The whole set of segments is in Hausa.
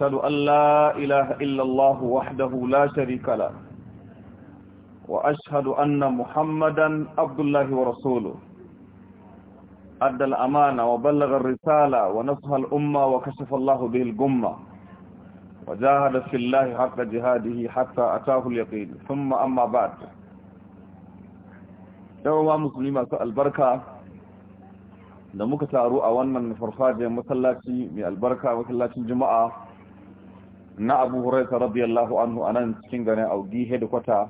أشهد أن لا إله إلا الله وحده لا شريك له وأشهد أن محمدا عبد الله ورسوله أدى الأمانة وبلغ الرسالة ونصح الأمة وكشف الله به الجمة وجاهد في الله حق جهاده حتى أتاه اليقين ثم أما بعد يوم مسلمة البركة da muka taru a wannan farfajiyar masallaci mai albarka masallacin juma'a na abu huraita radiyallahu anhu a nan cikin ganin audi hedikwata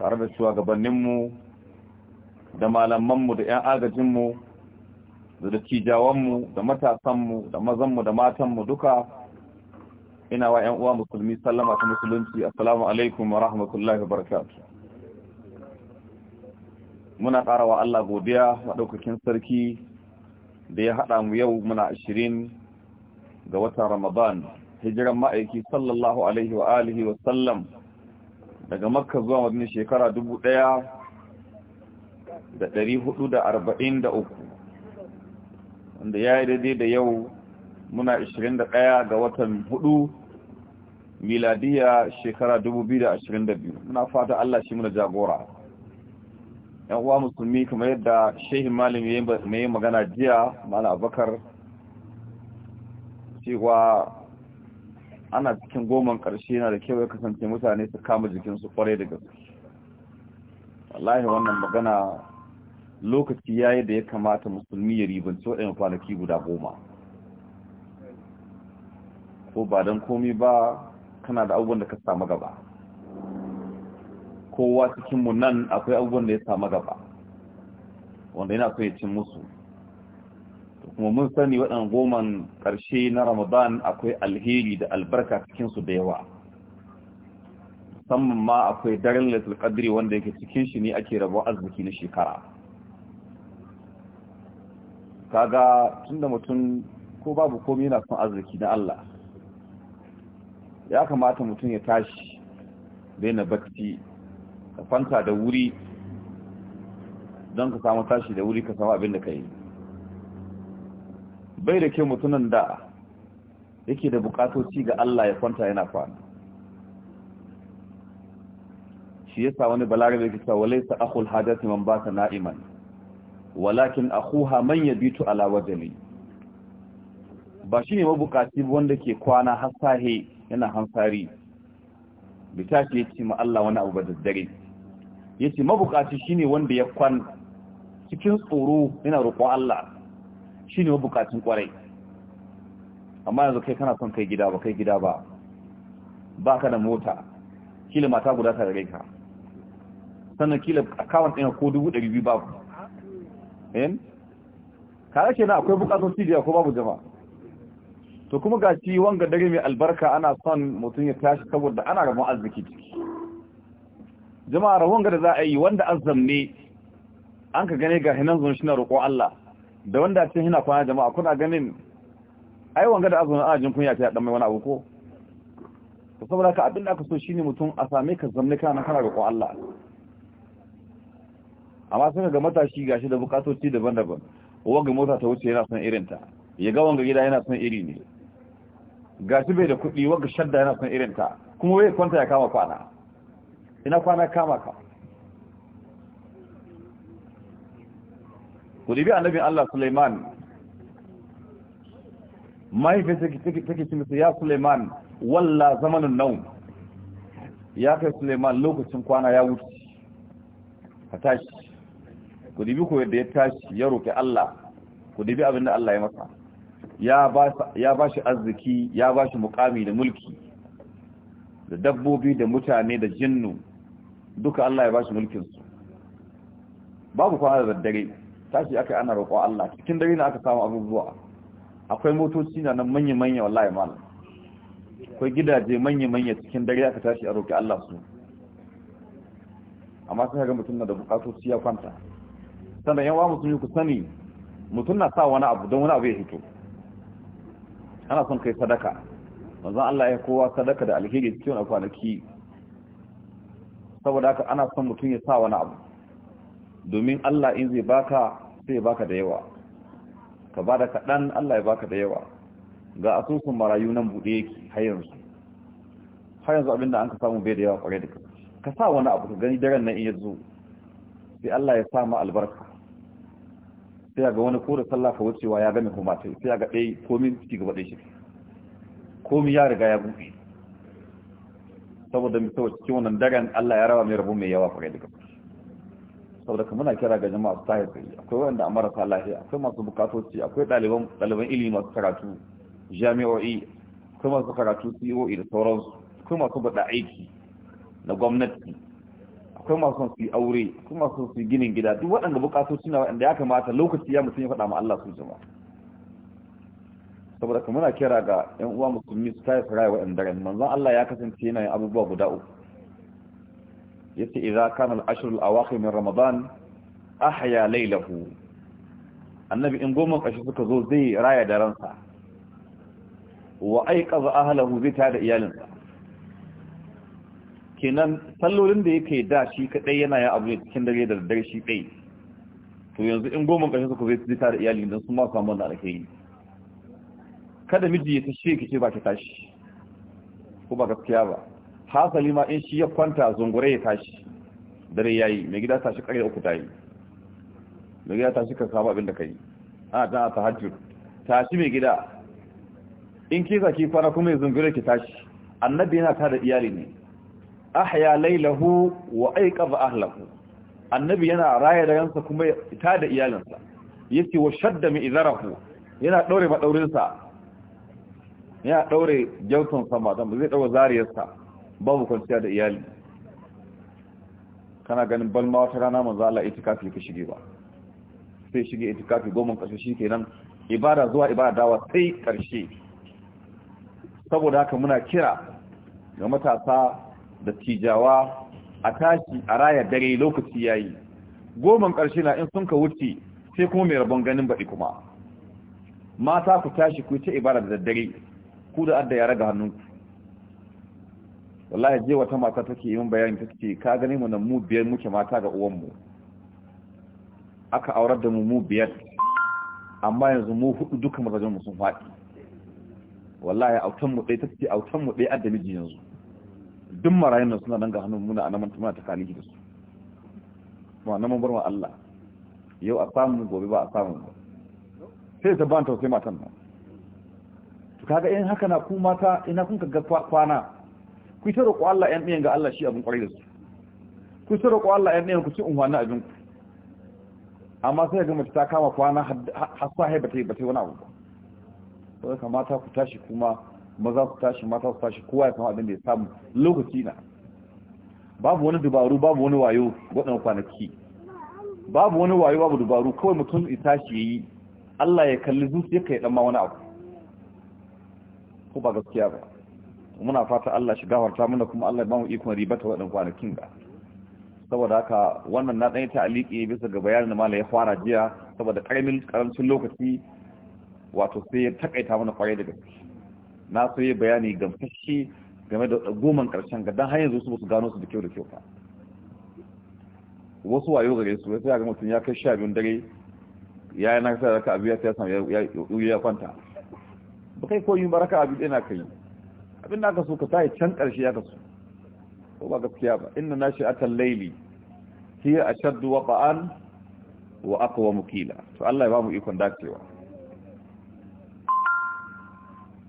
tare da cewa gabaninmu da malamanmu da 'yan agajinmu da dattijawanmu da matasanmu da mazanmu da matanmu duka ina wa 'yan musulmi sallama ta musulunci assalamu alaikum wa rahmatullahi wa barakatu muna ƙara wa Allah godiya maɗaukakin sarki da ya haɗa mu yau muna ashirin ga watan ramadan hijiran ma'aiki sallallahu alaihi wa alihi wa sallam daga makka zuwa wani shekara dubu ɗaya da dari hudu da arba'in da uku wanda ya yi daidai da yau muna ishirin da ɗaya ga watan hudu miladiya shekara dubu biyu da ashirin da biyu muna fata Allah shi muna jagora yan uwa musulmi kamar yadda shehin malami mai magana jiya malam abakar cewa ana cikin goman ƙarshe yana da kyau ya kasance mutane su kama jikinsu kwarai da gaske wallahi wannan magana lokaci ya yi da ya kamata musulmi ya su waɗanda kwanaki guda goma ko ba don komi ba kana da abubuwan da ka samu gaba kowa cikinmu nan akwai abubuwan da ya samu gaba wanda yana so ya cin musu kuma mun sani waɗannan goman ƙarshe na ramadan akwai alheri da albarka cikinsu da yawa musamman ma akwai daren latul qadri wanda yake cikin shi ne ake rabo arziki na shekara kaga tunda mutum ko babu komai yana son arziki na Allah ya kamata mutum ya tashi daina bakti ka fanta da wuri don ka samu tashi da wuri ka samu abin da ka yi bai da kyau mutumin da yake da bukatoci ga Allah ya kwanta yana kwana shi yasa wani da kisa wale sa akul hadati man baka na'iman walakin akhuha man yabitu ala wajhi ba shine mabukaci wanda ke kwana hasahe yana hansari bitashi yace ma Allah wani abu da dare yace mabukaci shine wanda ya kwan cikin tsoro yana roƙon Allah ne bukatun kwarai amma yanzu kai kana son kai gida ba kai gida ba ba ka da mota kila mata guda ta gare ka sannan kila kawon ɗaya ko dubu ɗari biyu babu ɗin kare ke na akwai bukatun cijiya ko babu jama. to kuma ga ci wanga dare mai albarka ana son mutum ya tashi saboda ana rabon arziki jama'a rabon ga da za a yi wanda azam ne an ka gane ga hinan zuwa shi na roƙon Allah da wanda cin hina kwana jama'a kuna ganin ai wanga da azumin ajin kunya ta dan mai wani abu ko to saboda ka abin da aka so shine mutum a same ka zamne kana kana ga Allah amma sai ga matashi gashi da bukatoci daban-daban wanga mota ta wuce yana son irin ta ya ga wanga gida yana son iri ne gashi bai da kuɗi wanga shadda yana son irin ta kuma wai kwanta ya kama kwana ina kwana kama ka ku a annabin Allah Suleiman mahaifinsa take cin masa ya Suleiman walla zamanin nau ya kai Suleiman lokacin kwana ya wuce ka tashi ku ko yadda ya tashi ya roƙi Allah ku dibi abin da Allah ya masa ya ba shi arziki ya ba shi mukami da mulki da dabbobi da mutane da jinnu duka Allah ya ba shi mulkinsu babu kwana da daddare tashi aka ana roƙon Allah cikin dare na aka samu abubuwa akwai motoci na nan manya-manya wallahi malam akwai gidaje manya-manya cikin dare aka tashi a roƙi Allah su amma sai ga mutum na da su ya kwanta sannan yawa mutum yi ku sani mutum na sa wani abu don wani abu ya hito ana son kai sadaka manzon Allah ya kowa sadaka da alheri cikin kwanaki saboda haka ana son mutum ya sa wani abu domin Allah in zai baka sai baka da yawa ka ba da kaɗan Allah ya baka da yawa ga asusun marayu nan buɗe yake har yanzu har yanzu abinda an ka samu bai da yawa ƙwarai da ka sa wani abu ka gani daren nan in yanzu sai Allah ya sa ma albarka sai ga wani ko da sallah ka wucewa ya gane kuma sai sai ga ɗaya komi ciki gaba ɗaya shi komi ya riga ya buɗe saboda mu saboda cikin wannan daren Allah ya raba mai rabu mai yawa ƙwarai da gaske saboda muna kira ga jama'a su tahi tsaye akwai wanda a marasa lafiya akwai masu bukatoci akwai ɗaliban ilimi masu karatu jami'o'i akwai masu karatu COE e da sauransu akwai masu bada aiki na gwamnati akwai masu su yi aure akwai masu su yi ginin gida duk waɗanda bukatoci na waɗanda ya kamata lokaci ya mutum ya faɗa ma Allah su jama'a saboda muna kira ga 'yan uwa musulmi su tahi rayuwa waɗanda ran manzon Allah ya kasance yana yin abubuwa guda uku yace idza kana al-ashr al-awakhir min ramadan ahya laylahu annabi in goma kashi suka zo zai raya sa. wa bi ta zai iyalin iyalinsa kenan sallolin da yake da shi kadai yana ya abu cikin dare da dare shi dai to yanzu in goma kashi suka zai da iyalin dan su ma samu wannan alheri kada miji ya tashi ki ce ba ki tashi ko ba gaskiya ba hasali ma in shi ya kwanta zungure ya tashi dare ya yi mai gida tashi ƙarfi uku ta yi mai gida tashi ka samu abin da ka yi a ta ta hajjur tashi mai gida in kisa ki kwana kuma ya zungure ki tashi annabi yana tada iyali ne ahya lailahu wa aiqadha ahlahu annabi yana raya yansa kuma ya tada iyalinsa yace wa shadda mi idarahu yana daure madaurinsa yana daure jautonsa ba zai daure zariyarsa babu kwanciya da iyali kana ganin balma wata rana manzo Allah itikafi ka shige ba sai shige itikafi goma ke shikenan ibada zuwa ibada dawa sai karshe saboda haka muna kira ga matasa da tijawa a tashi a raya dare lokaci yayi goma karshe na in sun ka wuce sai kuma mai rabon ganin baɗi kuma mata ku tashi ku ta ibada da daddare ku da adda ya raga hannunku wallahi je wata mata take yin bayani take ce ka gane mu nan mu biyar muke mata ga mu aka aurar da mu mu biyar amma yanzu mu hudu duka mazajen mu sun faɗi wallahi autan mu ɗaya take autan mu dai adda miji yanzu duk marayun nan suna nan ga hannun muna a naman ta kalihi da su mun bar barwa Allah yau a samu gobe ba a samu ba sai ta ban tausayi matan nan to kaga in haka na ku mata ina kun ka ga kwana ku ta ku Allah ƴan ɗiyan ga Allah shi abin ƙwarai da su ku ta ku Allah ƴan ɗiyan ku ci unhwana abin ku amma sai ga mace ta kama kwana har sahi ba ta yi ba ta yi wani abu ba saboda ka mata ku tashi kuma maza ku tashi mata ku tashi kowa ya samu abin da ya samu lokaci na babu wani dubaru babu wani wayo waɗannan kwanaki babu wani wayo babu dubaru kawai mutum ya tashi ya yi Allah ya kalli zuciyarka ya ɗan ma wani abu ko ba gaskiya ba muna fata Allah shi gafarta mana kuma Allah ba mu ikon ribata waɗin kwanakin ga saboda haka wannan na ɗanyi ta'aliki bisa ga bayanin da malai ya fara jiya saboda ƙaramin ƙarancin lokaci wato sai ya taƙaita mana ƙwarai da gaske na so yi bayani gamsashi game da goman ƙarshen ga don har yanzu su basu gano su da kyau da kyau fa wasu wayo gare su ya ga mutum ya kai sha biyun dare ya yi na kasa da ka abu ya samu ya kwanta ba kai koyi raka abu ɗaya na kai abin da aka so ka tayi can ƙarshe ya kasu ko ba gaskiya ba inna nashi atal layli hiya ashaddu waqa'an wa aqwa mukila to Allah ya ba mu ikon dacewa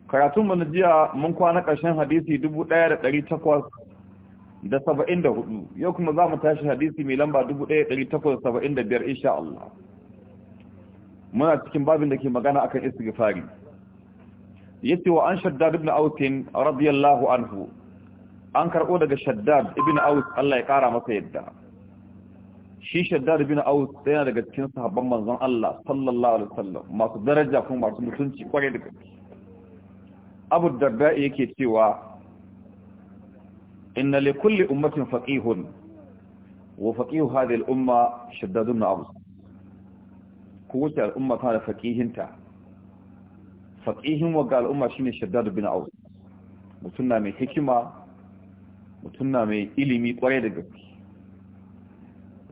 karatun mu jiya mun kwana ƙarshen hadisi 1874 yau kuma za mu tashi hadisi mai lamba 1875 insha Allah muna cikin babin da ke magana akan istighfari yace wa an shaddad ibn aus radiyallahu anhu an karbo daga shaddad ibn aus Allah ya kara masa yadda shi shaddad ibn aus yana daga cikin sahabban manzon Allah sallallahu alaihi wasallam masu daraja kuma masu mutunci kware da gaske Abu Darda yake cewa inna li kulli ummatin faqihun wa faqihu hadhihi al-umma shaddad ibn aus kowace al'umma tana da faqihinta faqihin wa ga al'umma shine shaddad bin aus mutum na mai hikima mutum na mai ilimi kwarai da gaske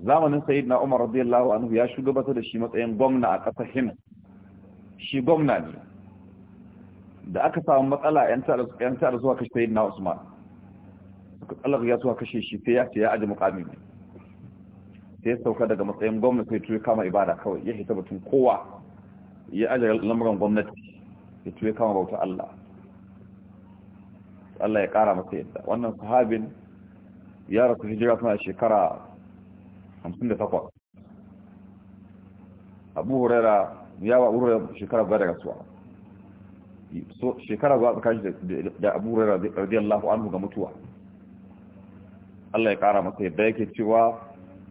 zamanin sayyidina umar radiyallahu anhu ya shugabata da shi matsayin gwamna a ƙasar hin shi gwamna ne da aka samu matsala yan tsara zuwa kashe sayyidina usman suka tsallar ya zuwa kashe shi sai ya ce ya aji mukami ne sai ya sauka daga matsayin gwamna sai tuyo kama ibada kawai ya hita batun kowa ya aji lamuran gwamnati ya tuye kama bauta Allah Allah ya kara masa yadda wannan sahabin ya rasu hijira suna shekara 58 abu huraira ya wa huraira shekara guda daga suwa shekara guda tsakashi da abu huraira radiyallahu anhu ga mutuwa Allah ya kara masa yadda yake cewa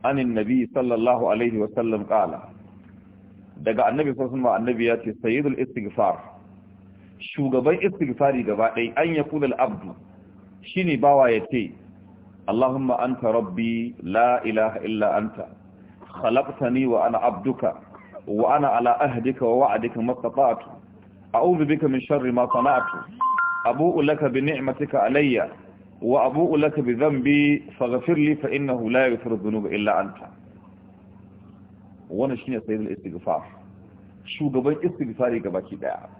anin nabi sallallahu alaihi wasallam kala daga annabi sassan ma annabi ya ce sayyidul istighfar shugaban istighfari gaba ɗaya an ya kula al'abdu shi ne bawa ya ce Allahumma anta rabbi la ilaha illa anta khalaqtani wa ana abduka wa ana ala ahdika wa wa'adika mastata'tu a'udhu bika min sharri ma sana'tu abu'u laka bi ni'matika alayya wa abu'u laka bi dhanbi faghfir li fa innahu la yaghfiru dhunuba illa anta wannan shine sayyidul istighfar shugaban istighfari gabaki daya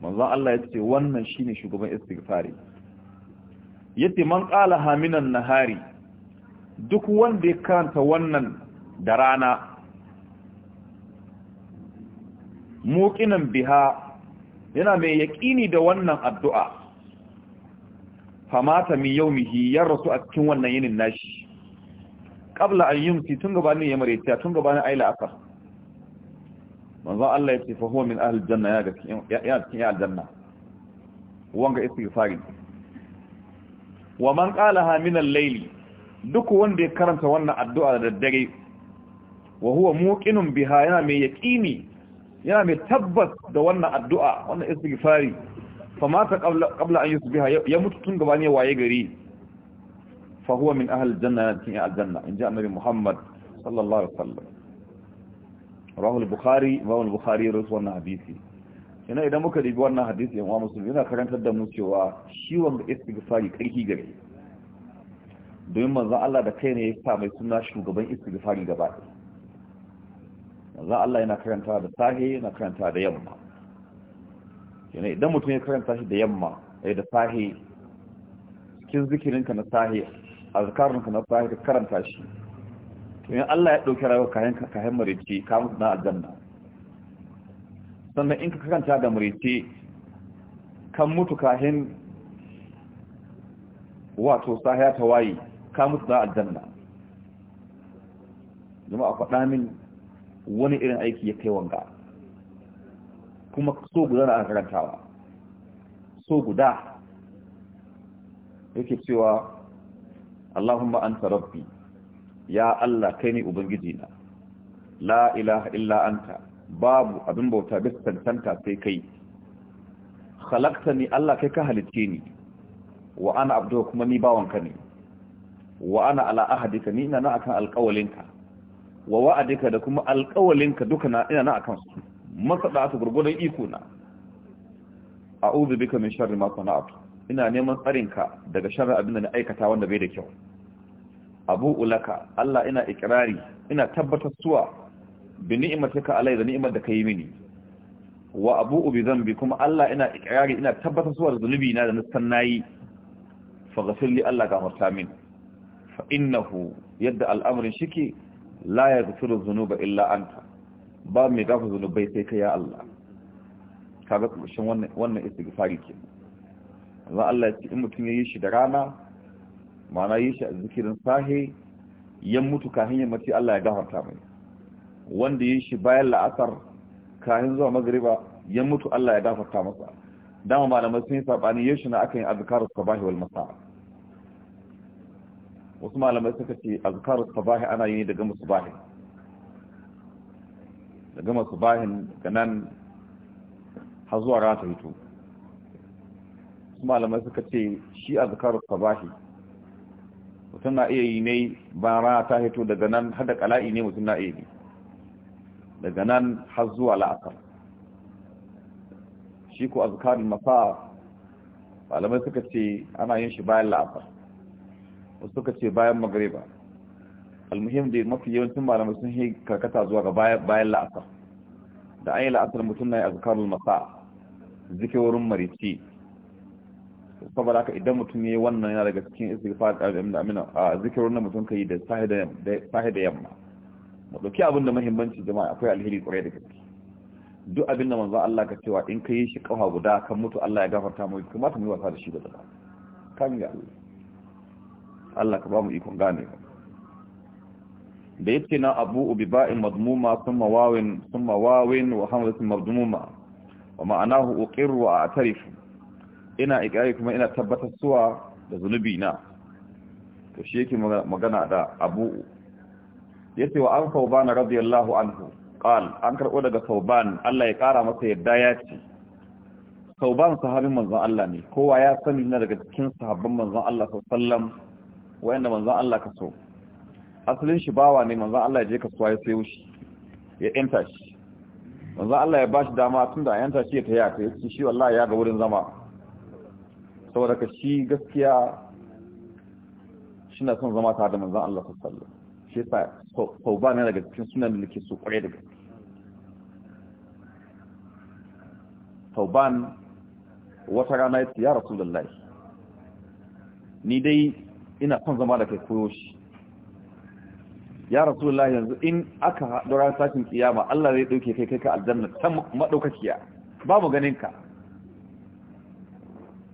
manzon Allah ya ce wannan shine shugaban istighfari yace man qala haminan nahari duk wanda ya karanta wannan da rana Mokinan biha yana mai yaƙini da wannan addu'a famata min yawmihi ya rasu a cikin wannan yinin nashi qabla an yumsi tun gabanin ya mareta tun gabanin ayla asar manzon Allah ya ce fa huwa min ahli janna ya gaske ya cikin aljanna wanga istighfari wa man qalaha min al-layl duk wanda ya karanta wannan addu'a da daddare wa huwa muqinun biha yana mai yaqini yana mai tabbas da wannan addu'a wannan istighfari fa mata qabla qabla an yusbiha ya mutu tun gaba ne waye gari fa huwa min ahli al-janna ya cikin aljanna inji annabi Muhammad sallallahu alaihi wasallam rawul bukhari rahul bukhari rawaito wannan hadisi ina idan muka dubi wannan hadisi yan uwa musulmi yana karantar da mu cewa shi wanda istighfari karfi gare domin manzon Allah da kai ne ya fa mai suna shugaban istighfari gaba ɗaya manzon Allah yana karanta da sahi yana karanta da yamma yana idan mutum ya karanta shi da yamma ai eh, da sahi cikin zikirinka na sahi azkarinka na sahi ka karanta shi to in Allah ya dauki rayuwar kayan kayan marici ka na aljanna sannan in ka karanta da marici kan mutu kahin wato sahiya ta wayi ka na aljanna a faɗa min wani irin aiki ya kai wanga kuma so guda na karantawa so guda yake cewa Allahumma anta rabbi ya Allah kai ne ubangiji na la ilaha illa anta babu abin bauta bisa tantanta sai kai khalaqtani Allah kai ka halicce ni wa ana abdu kuma ni bawanka ne wa ana ala ahdika ni ina na akan alƙawalinka wa wa'adika da kuma alƙawalinka duka na ina na akan su su gurgudan iko na a'udhu bika min sharri ma sana'tu ina neman tsarinka daga sharri abin da na aikata wanda bai da kyau abu ulaka Allah ina ikirari ina tabbatar suwa bi ni'mataka alai da ni'mar da kai mini wa abu bi dhanbi kuma Allah ina ikirari ina tabbatar suwa da zunubi na da nisan nayi faghfir li Allah ga mutamin fa innahu yadda al'amrin shike la yaghfiru dhunuba illa anta ba mai gafa zunubai sai kai ya Allah kaga kuma shin wannan wannan istighfari ke Allah Allah ya ce in mutun yayi shi da rana ma'ana yi shi a zikirin sahe ya mutu kahin ya mace Allah ya gafarta mai wanda yi shi bayan la'asar kahin zuwa magariba ya mutu Allah ya gafarta masa dama malamai sun yi saɓani yi shi na aka yi azikarar sabahi wal masa wasu malamai suka ce azikarar sabahi ana yi daga masu bahi daga masu bahi ga nan har zuwa rata hito wasu malamai suka ce shi azikarar sabahi mutum na iya yi ne rana ta hito daga nan har da kala'i ne mutum na iya yi daga nan har zuwa la'asar shi ko azkarin masa malamai suka ce ana yin shi bayan la'asar wasu suka ce bayan magariba almuhim da mafi yawancin malamai sun yi karkata zuwa ga bayan la'asar da an yi la'asar mutum na yi azkarin masa zikewarin marici saboda haka idan mutum ya yi wannan yana daga cikin istighfar eh, da amina a ah, zikirin da mutum kai da sahi da yamma mu dauki abin da muhimmanci jama'a akwai alheri kwarai da gaske duk abin da manzo Allah ka cewa in kai shi kafa guda kan mutu Allah ya gafarta mu kuma ta mu wasa da shi da zaka kan ga Allah ka ba mu ikon gane da yace na abu ubiba'in madmuma thumma wawin thumma wawin wa hamzatin madmuma wa ma'anahu uqirru wa a'tarifu ina ikari kuma ina tabbatar suwa da zunubi na to shi yake magana da abu yace wa an bana radiyallahu anhu qal an karbo daga sauban Allah ya kara masa yadda ya ce sauban sahabin manzon Allah ne kowa ya sani na daga cikin sahabban manzon Allah sallallahu alaihi wasallam wayanda manzon Allah ka so asalin shi bawa ne manzon Allah ya je kasuwa ya sayo shi ya enta shi manzon Allah ya bashi dama tunda ya enta shi ya tayaka yace shi wallahi ya ga wurin zama saboda ka shi gaskiya shi na son zama ta da manzan Allah sallallahu shi sa sau ba ne daga cikin sunan da nake su kwarai da gaske wata rana ya ce ya rasu lallai ni dai ina son zama da kai koyo shi ya rasu lallai yanzu in aka haɗu sashin kiyama Allah zai ɗauke kai kai ka aljanna ta maɗaukaciya Babu ganinka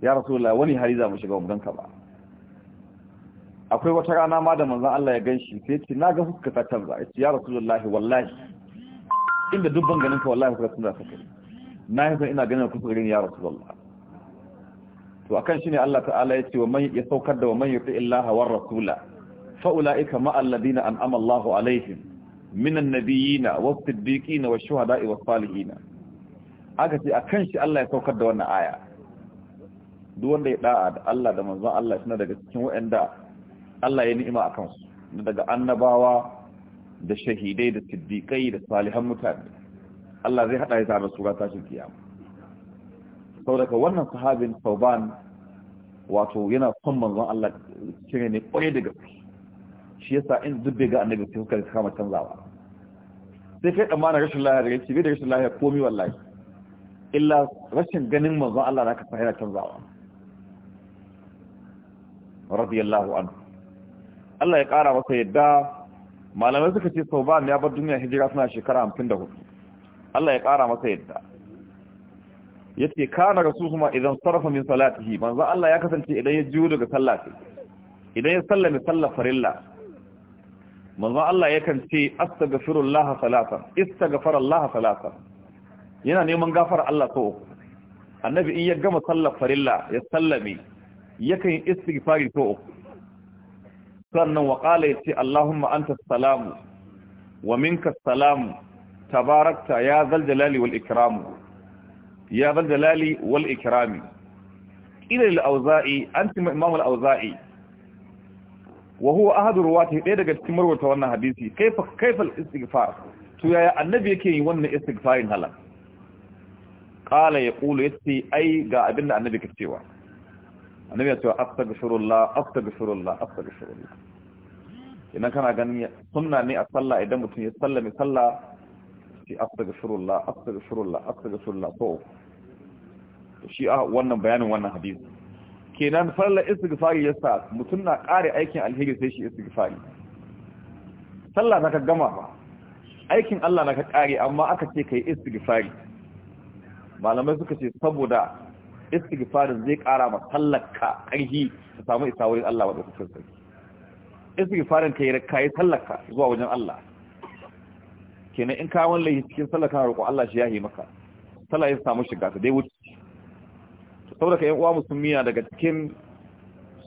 ya rasulullah wani hali za mu shiga mu ganka ba akwai wata rana ma da manzon Allah ya ganshi sai ce na ga fuska ta canza ya ce ya rasulullahi wallahi inda dubban ganin ka wallahi fuska canza ka kai na yi san ina ganin kusa garin ya rasulullah to akan shi ne Allah ta'ala ya ce wa man ya saukar da wa man yuti illaha war rasula fa ulaika ma alladhina an'ama Allahu alaihim minan nabiyina was siddiqina wash shuhada'i was salihin aka ce akan shi Allah ya saukar da wannan aya duk wanda ya da'a da Allah da manzon Allah suna daga cikin waɗanda Allah ya ni'ima a kansu daga annabawa da shahidai da siddiƙai da salihan mutane Allah zai haɗa ya tare su ga tashin kiyama sau daga wannan sahabin sauban wato yana son manzon Allah cire ne ƙwai daga su shi yasa in zubbe ga annabi sai suka kama canzawa sai kai amana rashin lahiya daga ci da rashin lahiya komi wallahi illa rashin ganin manzon Allah na ka fahimta canzawa radiyallahu anhu Allah ya kara masa yadda malamai suka ce Sauban ya bar duniya hijira suna shekara 54 Allah ya kara masa yadda yace kana rasuluma idan sarrafa min salatihi manzo Allah ya kasance idan ya jiyo daga sallah idan ya sallame sallar farilla manzo Allah yakan ce astaghfirullah salatan istaghfarallaha salatan yana neman gafara Allah ko annabi in ya gama sallar farilla ya sallame yakan yi istighfari to uku sannan wa qala yace Allahumma anta salamu wa minka salamu tabarakta ya zal jalali wal ikram ya zal jalali wal ikram ila al auza'i anti imam al auza'i wa huwa ahad ruwati dai daga cikin marwata wannan hadisi kaifa kaifa istighfar to yaya annabi yake yin wannan istighfarin Ƙala qala yaqulu yati ai ga abinda annabi ke cewa annabi ya ce wa astaghfirullah astaghfirullah astaghfirullah idan kana ganin sunna ne a sallah idan mutum ya mai sallah shi astaghfirullah astaghfirullah astaghfirullah to shi a wannan bayanin wannan hadisi kenan farla istighfari sa mutum na kare aikin alheri sai shi istighfari sallah ta ka gama ba aikin Allah na ka kare amma aka ce kai istighfari malamai suka ce saboda istighfarin zai ƙara ma tallaka ƙarfi ka samu isa wurin Allah wa ɗaukar sarki istighfarin kai yi ka yi tallaka zuwa wajen Allah kenan in ka wani cikin sallah kana roƙo Allah shi yahi maka sallah ya samu shiga ta dai wuce saboda ka yan uwa musulmiya daga cikin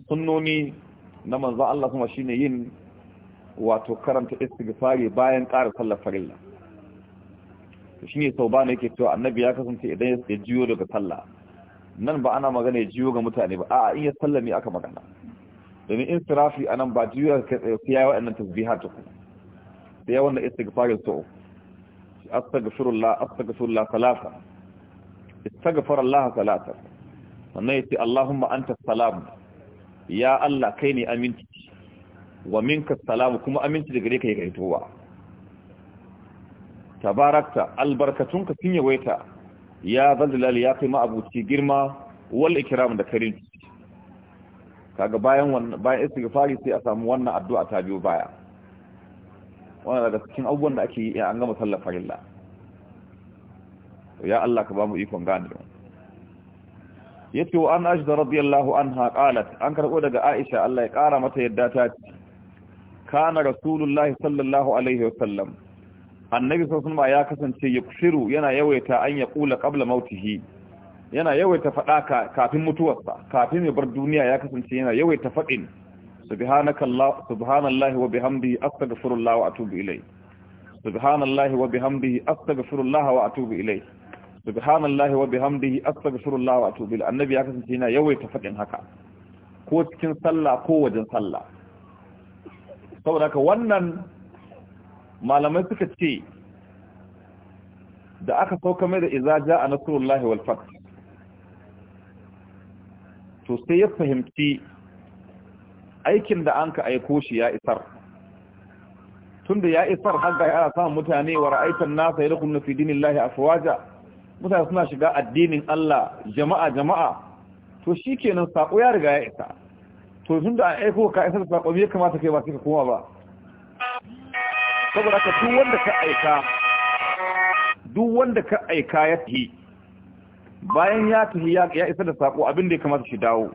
sunnoni na manzo Allah kuma shine yin wato karanta istighfari bayan ƙara sallar farilla to ne sau ba ne yake cewa annabi ya kasance idan ya jiyo daga sallah nan ba ana magana ya jiyo ga mutane ba a'a in ya sallame aka magana domin in sirafi a nan ba jiyo ka tsaye sai yawa annan tasbiha ta ku sai yawan da istighfarin so astaghfirullah astaghfirullah salata istaghfar Allah salasa wannan yace Allahumma anta salam ya Allah kai ne aminci wa minka salamu kuma aminci da gare ka yake towa tabarakta albarkatunka sun yawaita ya zalzalali ya kai ma'abuci girma wal ikram da karin kaga bayan wannan bayan istighfari sai a samu wannan addu'a ta biyo baya wannan daga cikin abubuwan da ake yi an gama sallar farilla ya Allah ka ba mu ikon gane da yace wa an ajda radiyallahu anha qalat an karbo daga Aisha Allah ya kara mata yadda ta ce kana rasulullahi sallallahu alaihi wasallam annabi sosun ba ya kasance ya kusiru yana yawaita an ya kula kabla mautihi yana yawaita faɗa kafin mutuwarsa kafin ya bar duniya ya kasance yana yawaita faɗin subhanallahi wa bihamdihi astaghfirullah wa atubu ilai subhanallahi wa bihamdihi astaghfirullah wa atubu ilai subhanallahi wa bihamdihi astaghfirullah wa atubu ilai annabi ya kasance yana yawaita faɗin haka ko cikin sallah ko wajen sallah saboda ka wannan malamai suka ce da aka sauka mai da izaja a nasarullahi walfat to sai ya fahimci aikin da an ka aiko shi ya isar tunda ya isar haka ya samun mutane wa ra'aitan nasa ya dinin lahi a fawaja mutane suna shiga addinin Allah jama'a jama'a to shi kenan saƙo ya riga ya isa to tunda an aiko ka isar sako me kamata kai ba sai ka koma ba saboda ka duk wanda ka aika duk wanda ka aika ya tafi bayan ya tafi ya isa da sako abin da ya kamata shi dawo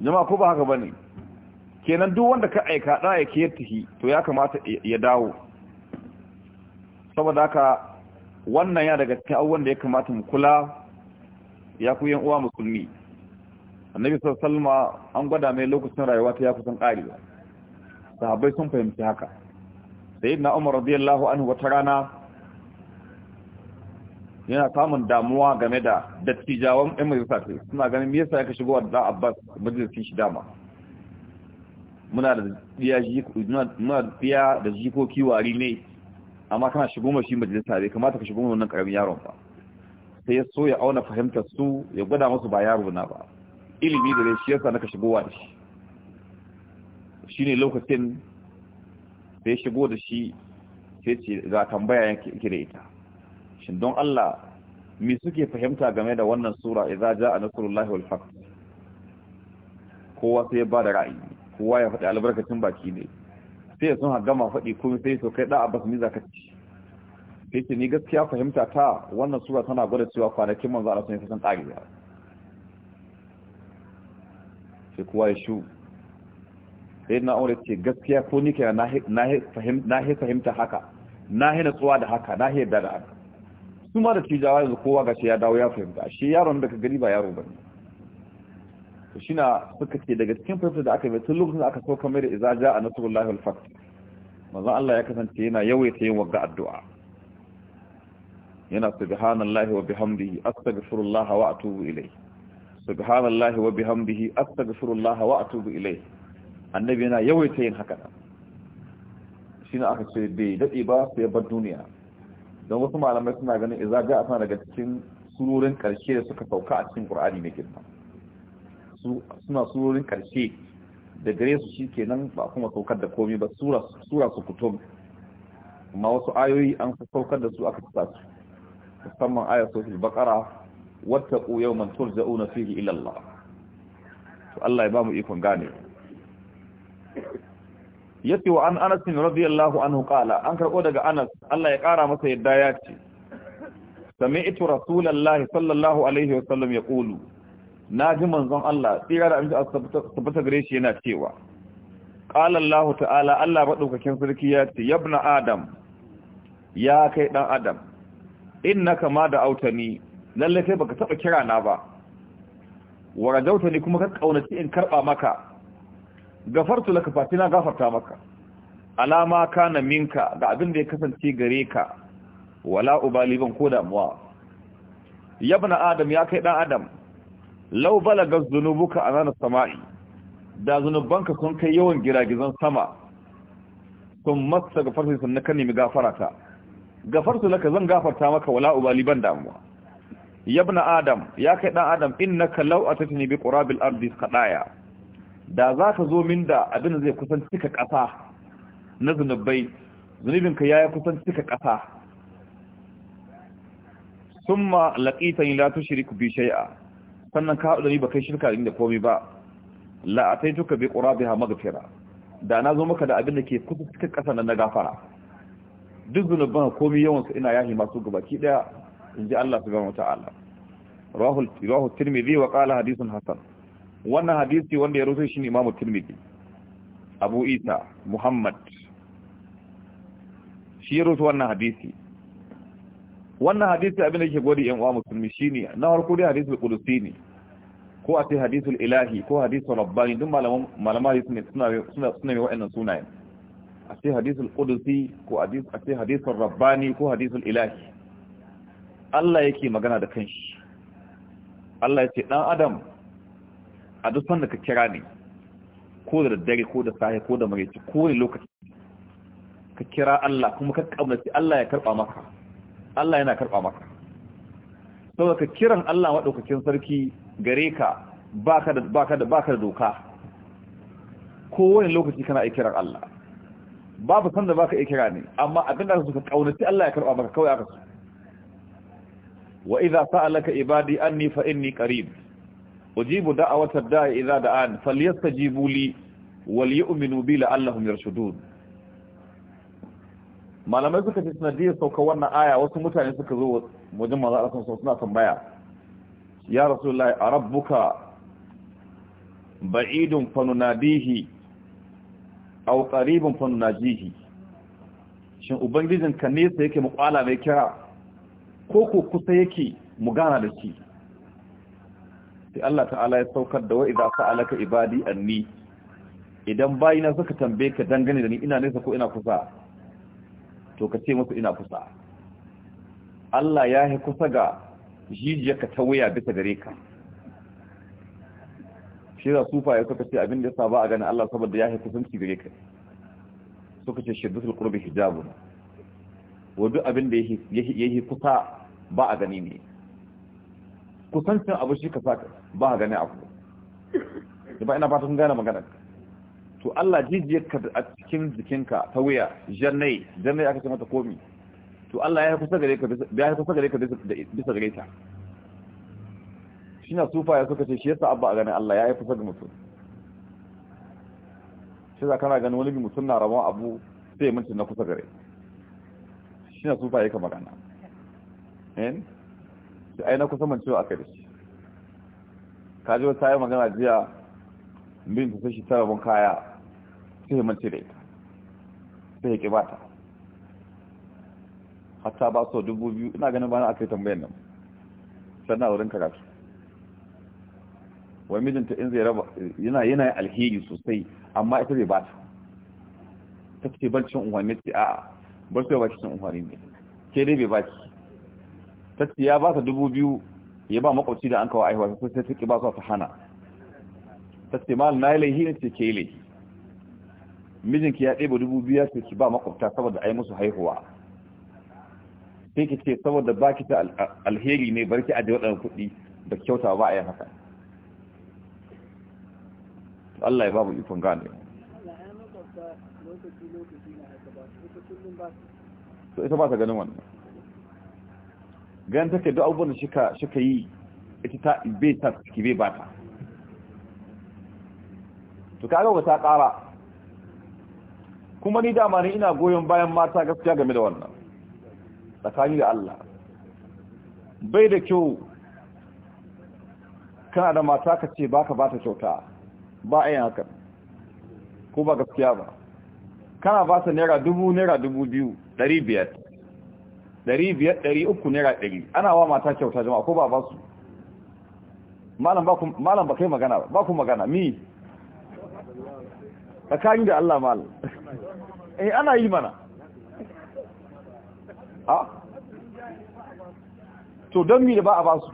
jama'a ko ba haka bane kenan duk wanda ka aika da ya tafi to ya kamata ya dawo saboda ka wannan ya daga cikin abubuwan da ya kamata mu kula ya ku yan uwa musulmi annabi sallallahu alaihi wasallam an gwada mai lokacin rayuwa ta ya kusan karewa sahabbai sun fahimci haka sayyidina Umar radiyallahu anhu wata rana yana samun damuwa game da dattijawan ɗan majalisa ce suna ganin me yasa yake shigo da Abbas majalisin shi dama muna da biya da jikoki wari ne amma kana shigo mashi majalisa bai kamata ka shigo wannan karamin yaron ba sai ya so ya auna fahimtar su ya gwada musu ba yaro na ba ilimi da shi yasa naka shigowa da shi shine lokacin sai shigo da shi sai ce za a tambaya yake da ita shin don Allah me suke fahimta game da wannan sura idza jaa a wal fath kowa sai ya bada ra'ayi kowa ya faɗi albarkacin baki ne sai sun hagama faɗi kuma sai su kai da basu mi zaka ci sai ce ni gaskiya fahimta ta wannan sura tana gwada cewa kwanakin manzo Allah sun yi kasan tsari sai kowa ya shu sai na aure ce gaskiya ko ni kenan na he fahimta haka na he natsuwa da haka na he yadda da haka su ma da cijawa yanzu kowa ga shi ya dawo ya fahimta shi yaron da ka gani ba yaro ba ne. to shi na suka ce daga cikin fahimta da aka yi tun lokacin da aka sauka mai da iza ja a nasarullahi alfakt manzon Allah ya kasance yana yawaita yin wagga addu'a yana subhanallahi wa bihamdihi astaghfirullah wa atubu ilayh subhanallahi wa bihamdihi astaghfirullah wa atubu ilayh annabi yana yawaita yin haka shi na aka ce bai daɗe ba sai bar duniya don wasu malamai suna ganin iza ga a daga cikin sururin ƙarshe da suka sauka a cikin ƙur'ani mai girma suna sururin ƙarshe da gare su shi kenan ba kuma saukar da komi ba sura su kutum amma wasu ayoyi an saukar da su aka sa su musamman ayar sosul bakara wata ƙuyau man turja'una fi illallah. to Allah ya ba mu ikon gane yace wa an Anas radiyallahu anhu qala an karbo daga Anas Allah ya kara masa yadda ya ce sami'tu rasulullahi sallallahu alaihi wasallam yaqulu naji manzon Allah tsira da a tabbata gare shi yana cewa qala Allah ta'ala Allah madaukakin sarki ya ce yabna adam ya kai dan adam innaka kama da autani lalle kai baka taba kira na ba warajauta ne kuma ka kaunaci in karɓa maka gafartu laka fati na gafarta maka alama kana minka ga abin da ya kasance gare ka wala ubali ban ko damuwa yabna adam ya kai dan adam law balaga dhunubuka anana samai da zunubanka sun kai yawan giragizan sama sun masa gafarta sun naka gafara gafarata gafartu laka zan gafarta maka wala ubali ban damuwa yabna adam ya kai dan adam innaka law atatni bi qurabil ardi qadaya da za ka zo min da abin da zai kusan cika ƙasa na zunubai ka ya yi kusan cika ƙasa sun ma laƙitan yi latu shirik bi shai'a sannan ka haɗu da ni ba kai shirka da komai ba la'atai tuka bai ƙura bai ha magafira da na zo maka da abin da ke kusa cikin ƙasa na gafara duk zunubin komi su ina yahi masu gabaki daya in ji Allah su wa ta'ala rahul tirmidhi wa ƙala hadisun hasan wannan hadisi wanda ya rusa shi ne imamu tirmidhi abu isa muhammad shi ya rusa wannan hadisi wannan hadisi abin da ke gwada yan uwa musulmi shi ne na harko dai hadisul kudusi ne ko a ce hadisul ilahi ko hadisul rabbani duk malama hadisi ne suna mai wa'annan sunayen a ce hadisul kudusi ko a ce hadisul rabbani ko hadisul ilahi Allah yake magana da kanshi Allah ya ce dan adam a duk sanda ka kira ne ko da daddare ko da sahi ko da maraice ko ne lokaci ka kira Allah kuma ka kaunaci Allah ya karba maka Allah yana karba maka saboda ka kiran Allah madaukakin sarki gare ka baka da baka da baka da doka ko wani lokaci kana iya kiran Allah babu sanda baka iya kira ne amma abin da suka kaunaci Allah ya karba maka kawai aka so. wa idza sa'alaka ibadi anni fa inni qarib ujibu da'awata da'i idza da'an falyastajibu li wal yu'minu bi la'allahum yarshudun malamai suka ce ya sauka wannan aya wasu mutane suka zo wajen maza Allah sun suna tambaya ya rasulullahi rabbuka ba'idun fanunadihi aw qaribun fanunajihi shin ubangijin ka nesa yake mu kwala mai kira ko ko kusa yake mu gana da shi sai Allah ta'ala ya saukar da wa'iza sa'alaka ibadi anni idan bayina suka tambaye ka dangane da ni ina nesa ko ina kusa to ka ce musu ina kusa Allah ya yi kusa ga ka ta waya bisa gare ka shi da sufa ya suka ce abin da ya saba a ganin Allah saboda ya yi kusanci gare ka suka ce shiddatul qurbi hijabun wa duk abin da ya yi kusa ba a gani ne kusancin abu shi ka saka ba ka gane abu da ba ina fata sun gane magana to Allah jijiyar ka a cikin jikinka ta wuya jannai jannai aka ce mata komi to Allah ya kusa gare ka ya kusa gare ka bisa gare ta shine sufa ya suka ce shi yasa abba a gane Allah ya yi kusa ga mutum shi za kana ganin wani bi mutum na rabon abu sai mutum na kusa gare shi na sufa ya ka magana da aina na kusa mancewa aka da shi ka ji wata yi magana jiya bin ta sashi tara kaya sai ya mance da ita sai ya ƙiba ta hatta ba so dubu biyu ina ganin bana aka yi tambayan nan sannan wurin karatu wani mijinta in zai raba yana yana alheri sosai amma ita bai bata ta ce ban cin umarni ce a'a bar su ya ba cin umarni ne ke dai bai ba ta ya ba ta dubu biyu ya ba makwabci da an kawo aihuwa ta sai ta ki ba su ta hana ta ce mal na yi laihi ne ce ke yi laihi mijinki ya ɗeba dubu biyu ce ki ba makwabta saboda ai musu haihuwa sai ki ce saboda ba ki ta alheri ne bar ki ajiye waɗannan kuɗi da kyauta ba a yi haka Allah ya ba mu ikon gane to ita ba ta ganin wannan gan take duk abubuwan da shika shika yi ita ta ibe ta ciki ba ta to kaga wata kara kuma ni dama ni ina goyon bayan mata gaskiya game da wannan tsakani da Allah bai da kyau kana da mata ka ce baka bata kyauta ba a yin haka ko ba gaskiya ba kana ba ta naira dubu naira dubu biyu ɗari biyar Dari biyar dari uku naira dari ana wa mata kyauta jama'a ko ba ba su malam ba kai magana ba ku magana mi tsakanin da Allah mal eh ana yi mana a to don mi da ba a ba su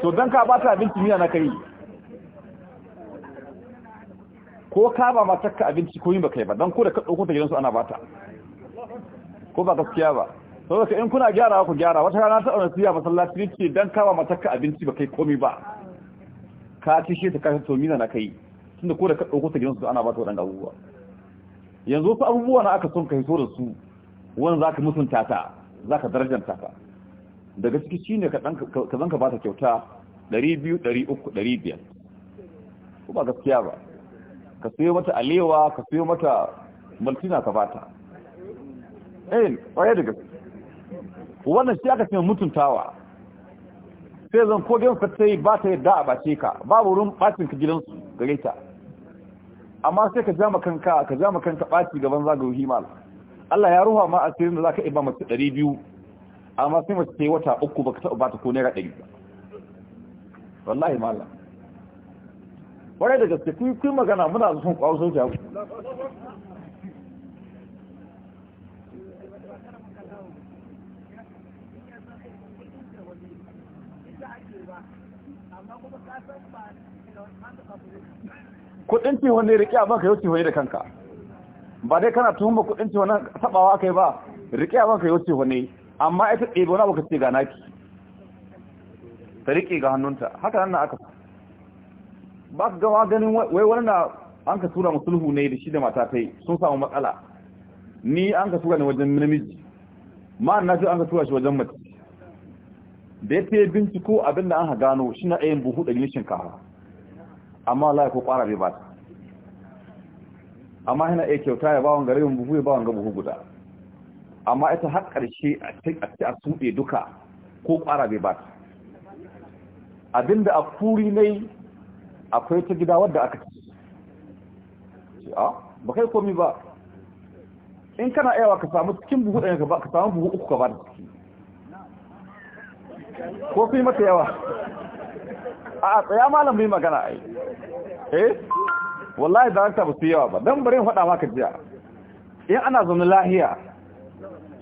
to don ka ba ta abinci miya na kai ko ka ba matakka abinci ko yin ba kai ba don ko da ka ɗauko ta gidansu ana ba ta ko ba gaskiya ba so da in kuna gyara ku gyara wata rana ta ɗauna siya masallaci ce dan kawa matakka abinci ba kai komi ba ka ci shi ta kashe to mina na kai tunda ko da ka dauko ta gidansu ana ba ta waɗanda abubuwa yanzu wasu abubuwa na aka son ka hito da su wani za ka mutunta ta za ka darajanta ta daga ciki shi ne ka zan ka ba ta kyauta 200 300 500 ko ba gaskiya ba ka sayo mata alewa ka sayo mata maltina ka bata eh ƙwaye da gaske wannan shi aka ce mutuntawa sai zan ko gina ta yi ba ta yadda a bace ka babu wurin bacin ka gidansu gare ta amma sai ka jama kanka ka jama kanka baci gaban zagayo himal Allah ya ruha ma asirin da za ka iba mace biyu, amma sai mace ta yi wata uku baka taɓa bata ko naira ɗari. ba wallahi mallam ware da gaske kun kun magana muna son kwawo soja kudin ci wani riƙe abin ka yau ci wani da kanka ba dai kana tuhumma kudin ci wani tabawa aka yi ba riƙe abin ka yau ci wani amma ita ɗebe wani abu ka ce ga naki ta riƙe ga hannunta haka nan na aka ba ka gama ganin wai wani na an ka tura musulhu ne da shi da mata sun samu matsala ni an ka tura ne wajen namiji ma'an na an ka tura shi wajen mace da ya fiye binciko abin da an hagano gano shi na ɗayan buhu ɗari shinkafa amma ya ko ƙwara bai ba ta amma yana iya kyauta ya bawon yin buhu ya bawon ga buhu guda amma ita har ƙarshe a a tuɗe duka ko ƙwara bai ba ta abinda a furi ne akwai ta gida wadda aka ci a ah, ba kai komi ba in kana yawa ka samu cikin buhu ɗaya ka samu buhu uku ka ba da ciki ko fi mata yawa a tsaya malam bai magana ai eh wallahi darakta ba su yawa ba don bari in faɗa maka jiya in ana zaune lahiya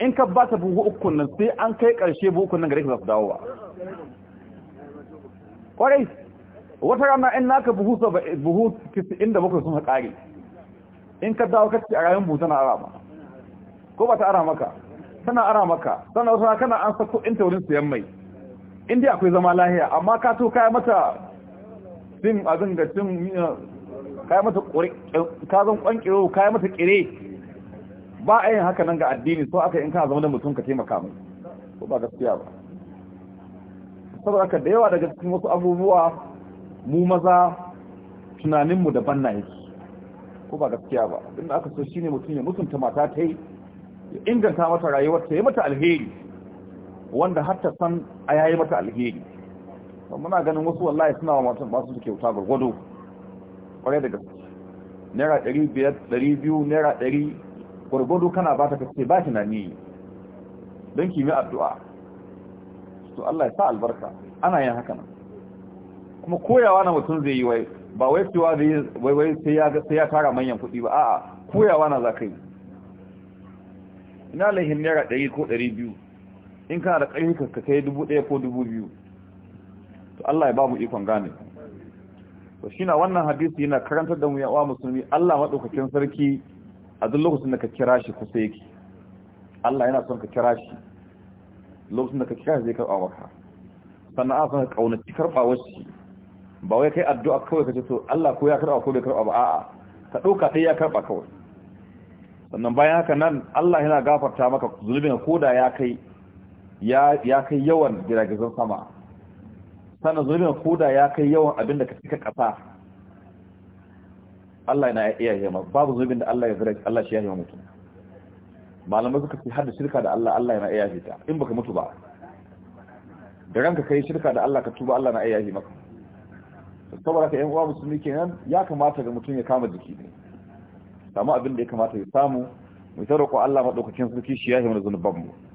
in ka ba ta buhu ukun nan sai an kai ƙarshe buhu ukun nan gare ka za su dawo ba Kwarai, wata rana in naka buhu buhu inda bakwai sun haƙari in ka dawo kacce a rayun buhu tana arama ko ba ta ara maka tana ara maka sannan wata kana an sako in taurin siyan mai inda akwai zama lahiya amma ka to kaya mata sin azin da cin kaya mata ka kazan kwankiro kaya mata kire ba a yin haka nan ga addini so aka in ka zama da mutum ka taimaka mai ko ba gaskiya ba saboda haka da yawa daga cikin wasu abubuwa mu maza tunaninmu daban na yake ko ba gaskiya ba inda aka so shine mutum ya mutunta mata ta yi ya inganta mata rayuwarta ya mata alheri wanda har ta san a yayi mata alheri muna ganin wasu wallahi suna wa matan basu su wuta gwargwado kwarai da gaske naira ɗari biyar ɗari biyu naira ɗari gwargwado kana ba ta kace ba shi na ni don mi addu'a to Allah ya sa albarka ana yin haka nan kuma koyawa na mutum zai yi wai ba wai cewa zai wai wai sai ya sai ya tara manyan kuɗi ba a'a koyawa na za ka yi ina lahin naira ɗari ko ɗari biyu in kana da ƙarfi ka sai dubu ɗaya ko dubu biyu to Allah ya ba mu ikon gane to shi na wannan hadisi yana karantar da mu yawa musulmi Allah maɗaukakin sarki a duk lokacin da ka kira shi kusa yake Allah yana son ka kira shi lokacin da ka kira shi zai karɓa maka sannan a son ka ƙaunaci karɓa shi ba wai kai addu'a kawai ka ce to Allah ko ya karɓa ko bai karɓa ba a'a ka ɗauka sai ya karɓa kawai sannan bayan haka nan Allah yana gafarta maka zunubin ko da ya kai ya kai yawan giragizan sama sannan zunubin koda ya kai yawan abin da ka cika ƙasa Allah na iya yi ma babu zunubin da Allah ya zira Allah shi ya yi wa mutum malamai suka fi hada shirka da Allah Allah na iya yi ta in baka mutu ba da ranka kai shirka da Allah ka tuba Allah na iya yi maka saboda ka yan uwa musulmi kenan ya kamata ga mutum ya kama jiki ne samu abin da ya kamata ya samu mu ta roƙo Allah madaukakin sarki shi ya yi mana zunubanmu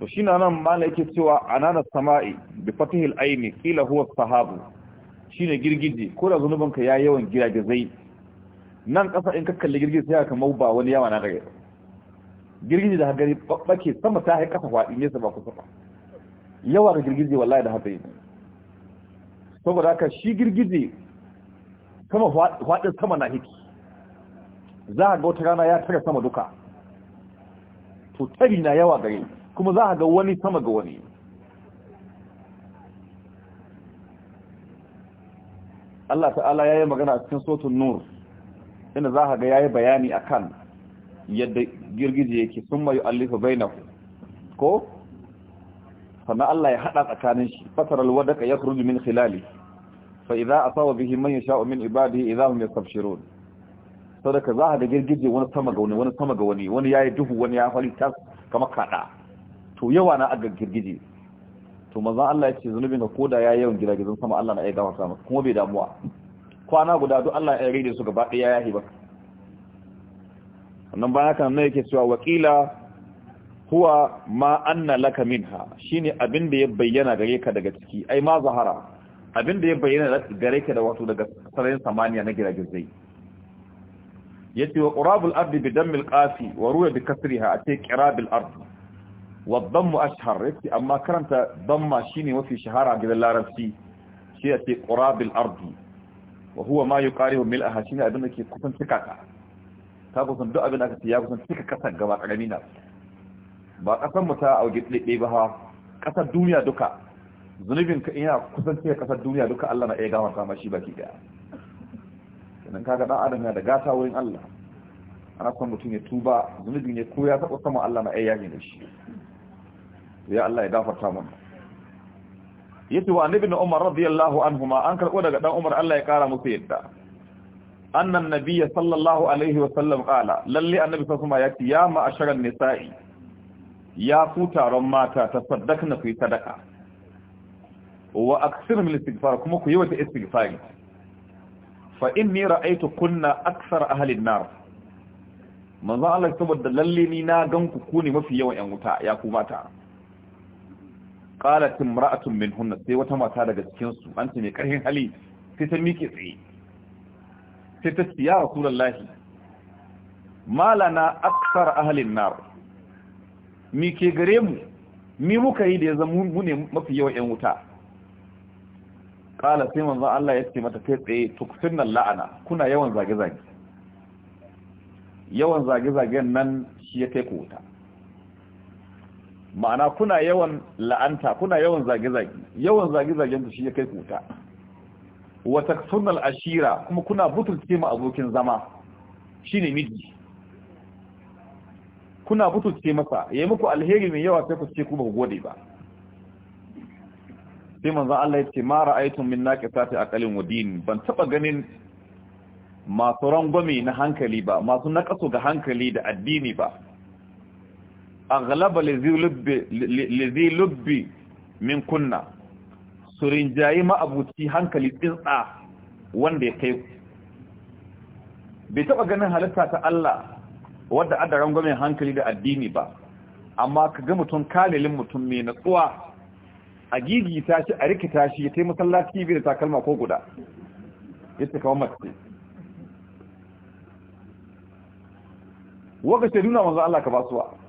to shi na nan mala yake cewa anana sama'i bi fatihil aini kila huwa sahabu shine girgije ko da ka ya yawan girage zai nan kasa in ka kalli girgije sai ka mau ba wani yawa na gare girgije da hagari babbake sama ta hai kafa fadi ne ba kusa ba yawa ga girgije wallahi da haka saboda haka shi girgije kama faɗin sama na hiki za a ga wata rana ya tara sama duka to tari na yawa gare kuma za a ga wani sama ga wani Allah ta'ala ya yi magana a cikin sotun nur inda za a ga ya yi bayani a kan yadda girgije yake sun mayu allifa bainahu ko sana Allah ya haɗa tsakanin shi fatar alwadaka ya kuru min khilali fa idza asawa bihi man yasha'u min ibadihi idza hum yastabshirun sadaka za a ga girgije wani sama ga wani wani sama ga wani wani yi duhu wani ya fari tas kama kada to yawa na aga girgije to maza Allah ya ce zunubin ka koda ya yawan girgizan sama Allah na iya gafarta maka kuma bai damuwa kwana guda duk Allah ya rage su gaba ɗaya ya yahi ba sannan bayan kan ne yake cewa wakila huwa ma anna laka minha shine abin da ya bayyana gare ka daga ciki ai ma zahara abin da ya bayyana gare ka da wato daga sararin samaniya na girgizai yace wa qurabul ardi bi damil qasi wa ruya bi kasriha ate qirabil ardi والضم أشهر أما كرمت ضم شيني وفي شهارة قد الله ربسي شيئتي قراب الأرض وهو ما يقارب ملأها شيني أبنك كتن سكاتا تاقصن دو أبنك تياقصن سكاتا قبار علمينا ba ƙasar mu ta auge ɗaiɗe ba ha ƙasar duniya duka zunubin ka ina kusan ce ƙasar duniya duka Allah na iya shi baki ɗaya sannan kaga ɗan adam yana da gata wurin Allah ana son mutum ya tuba zunubin ya ko ya taɓa sama Allah ma iya da shi ya Allah ya gafarta mana yace wa annabi na Umar radiyallahu anhuma an karbo daga dan Umar Allah ya kara musu yadda annan nabiyyi sallallahu alaihi wa sallam qala lalle annabi sallallahu alaihi yace ya ma asharan nisa'i ya ku taron mata tasaddaqna fi sadaqa wa aktsir min istighfar kuma ku yawaita istighfari fa inni ra'aytu kunna akthar ahli an-nar manzo Allah saboda lalle ni na ganku ku ne mafi yawan yan wuta ya ku mata qalat imra'atun minhunna sai wata mata daga cikin su an ce mai karhin hali sai ta miƙe tsaye sai ta ce ya rasulullahi malana aksar ahalin nar mi ke gare mu mi muka yi da ya zama mu ne mafi yawa yan wuta qala sai manzo Allah ya ce mata kai tsaye nan la'ana kuna yawan zage zage yawan zage zagen nan shi ya kai ku wuta ma'ana kuna yawan la'anta kuna yawan zage-zage yawan zage-zagen ku shi ya kai kuta wa sunan ashira kuma kuna butulce ma abokin zama shine miji kuna butulce masa ya yi muku alheri mai yawa sai ku ce ku gode ba sai manza Allah ya ce ma ra'aytum min naqisati a kalin wadini ban taɓa ganin masu rangwame na hankali ba masu nakasu ga hankali da addini ba aghlaba lizi lubbi min kunna su rinjayi ma'abuci hankali tsintsa wanda ya kai bai taɓa ganin halitta ta Allah wadda adda rangwamen hankali da addini ba amma ka ga mutum kalilin mutum mai natsuwa a gigita shi a rikita shi ya taimaka masallaci biyu da takalma ko guda ya ce kawai mace waka nuna Allah ka basuwa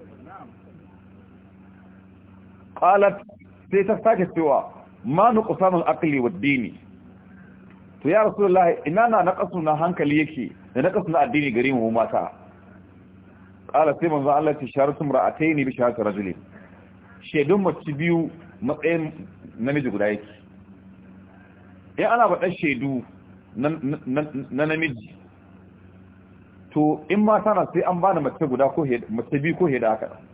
qalat sai ta sake cewa ma nuqsanul aqli wa dini to ya rasulullahi ina na naqasu na hankali yake da naqasu na addini gare mu mata qala sai manzo Allah ya sharatu mar'ataini bi shahadati rajulin shedun mace biyu matsayin namiji guda yake in ana faɗar shedu na namiji to in mata na sai an bani mace guda ko mace biyu ko heda haka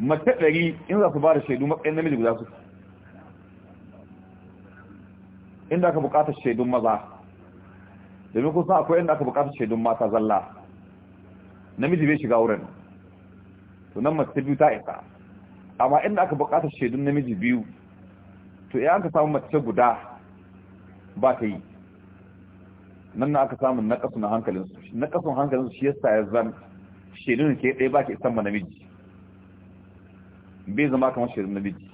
mace ɗari in za su ba da shaidu matsayin namiji guda su inda aka buƙata shaidun maza domin kusa akwai inda aka buƙata shaidun mata zalla namiji bai shiga wurin to nan mace biyu ta isa amma inda aka buƙata shaidun namiji biyu to ya aka samu mace guda ba ta yi nan na aka samu nakasun hankalinsu nakasun hankalinsu shi yasa ya zan shaidun ke ɗaya ba ke isan ma namiji bai zama kamar shirin namiji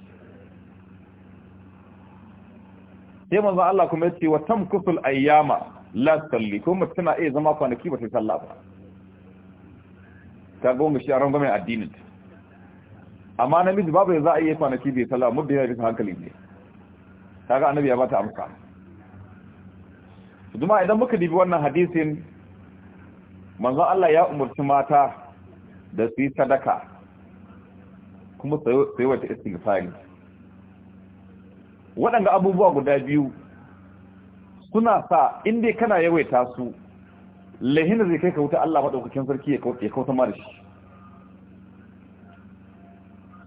sai manzan Allah kuma yace wa tamkusul ayyama la salli kuma tana iya zama kwanaki ba ta salla ba ta gonga shi a rangwamen addinin amma namiji babu za a iya kwanaki bai salla muddin yana bisa hankali ne Ta ga annabi ya ta amsa kuma idan muka dibi wannan hadisin manzan Allah ya umarci mata da su yi sadaka kuma tsayuwar wata istighfari waɗanda abubuwa guda biyu suna sa inda kana yawaita su lahin zai kai ka wuta Allah maɗaukakin sarki ya kauta mara shi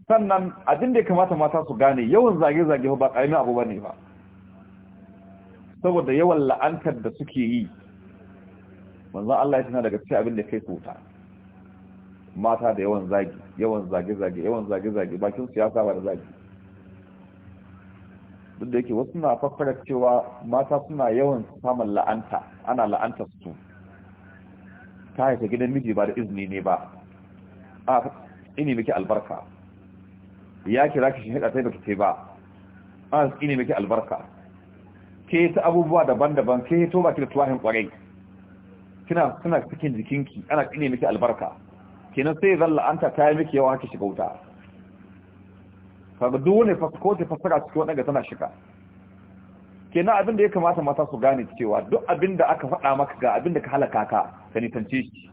sannan abin da ya kamata mata su gane yawan zage-zage ba ƙaramin abu ba ne ba saboda yawan la'antar da suke yi manzan Allah ya tana daga cikin abin da kai su wuta mata da yawan zagi yawan zage-zage yawan zage-zage bakin su ya saba da zagi duk da yake wasu na fafara cewa mata suna yawan samun la'anta ana la'anta su ta haifa gidan miji ba da izini ne ba a ini miki albarka ya kira ki shi hada sai baki ba a ini miki albarka ke ta abubuwa daban-daban ke to baki da tuwahin kwarai kina suna cikin jikinki ana ini miki albarka kenan sai zan la'anta ta yi miki yawa haka shiga wuta kaga dole fa ko ta fasara cikin wadanda tana shiga kenan abin da ya kamata mata su gane cewa duk abin da aka faɗa maka ga abin da ka halaka ka ka tance shi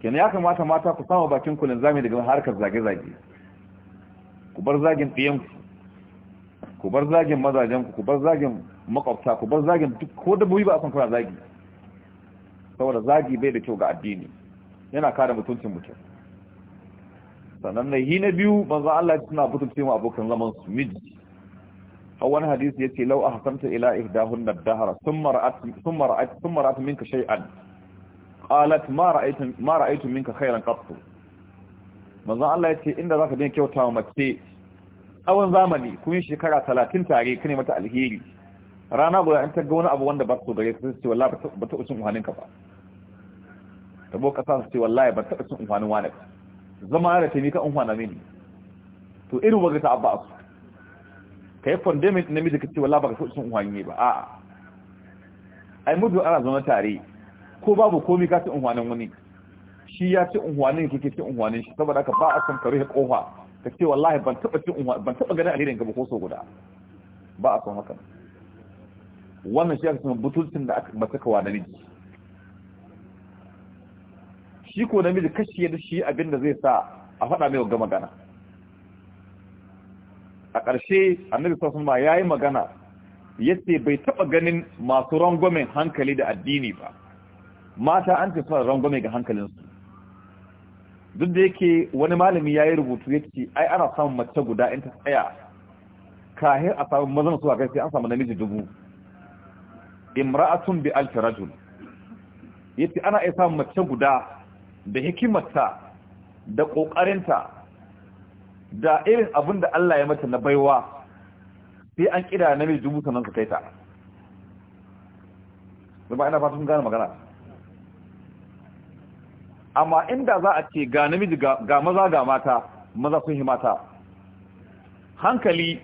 kenan ya kamata mata ku samu bakin ku linzami daga harkar zage-zage ku bar zagin ɗiyanku ku bar zagin mazajenku ku bar zagin makwabta ku bar zagin duk ko dabbobi ba a san kuna zagi saboda zagi bai da kyau ga addini yana kare mutuncin mutum sannan na yi na biyu manzo Allah ya suna butulce mu abokan zaman su miji aw ya ce, yace law ahsamta ila ihdahunna ad-dahra thumma ra'at thumma ra'at thumma ra'at minka shay'an qalat ma ra'aytu ma ra'aytu minka khayran qattu manzo Allah yace inda zaka bin kyauta wa mace tsawon zamani kun shekara talatin tare kane mata alheri rana guda an ta ga wani abu wanda ba su gare ka sai wallahi ba ta usun uhaninka ba tabo kasa su ce wallahi ba taɓa cin umfanin wani zama da taimaka umfana mini to irin waga ta abba su ka yi pandemic na miji ka ce wallahi ba ka so cin umfani ne ba a'a ai mudu ana zama tare ko babu komi ka ci umfanin wani shi ya ci ya kike ci unhwanin shi saboda ka ba a son ka rufe kofa ka ce wallahi ban taba ci unhwa ban taba ganin alherin ka ba ko so guda ba a son haka wannan shi ya san butulcin da aka masa kawa da miji shi ko namiji kashi yadda shi abin da zai sa a faɗa mai wagga magana a ƙarshe annabi sassan ma ya yi magana ya ce bai taɓa ganin masu rangwamen hankali da addini ba mata an ce suna rangwame ga hankalinsu duk da yake wani malami ya yi rubutu ya ce ai ana samun mace guda in ta tsaya kahin a samun mazan su a kai sai an samu namiji dubu imra'atun bi alfi rajul ya ce ana iya samun mace guda da hikimarta da ƙoƙarinta da irin abin da Allah ya mata na baiwa sai an ƙira na mai jumu sannan su kai ta zama ina fatan gane magana amma inda za a ce ga namiji ga maza ga mata maza sun himata hankali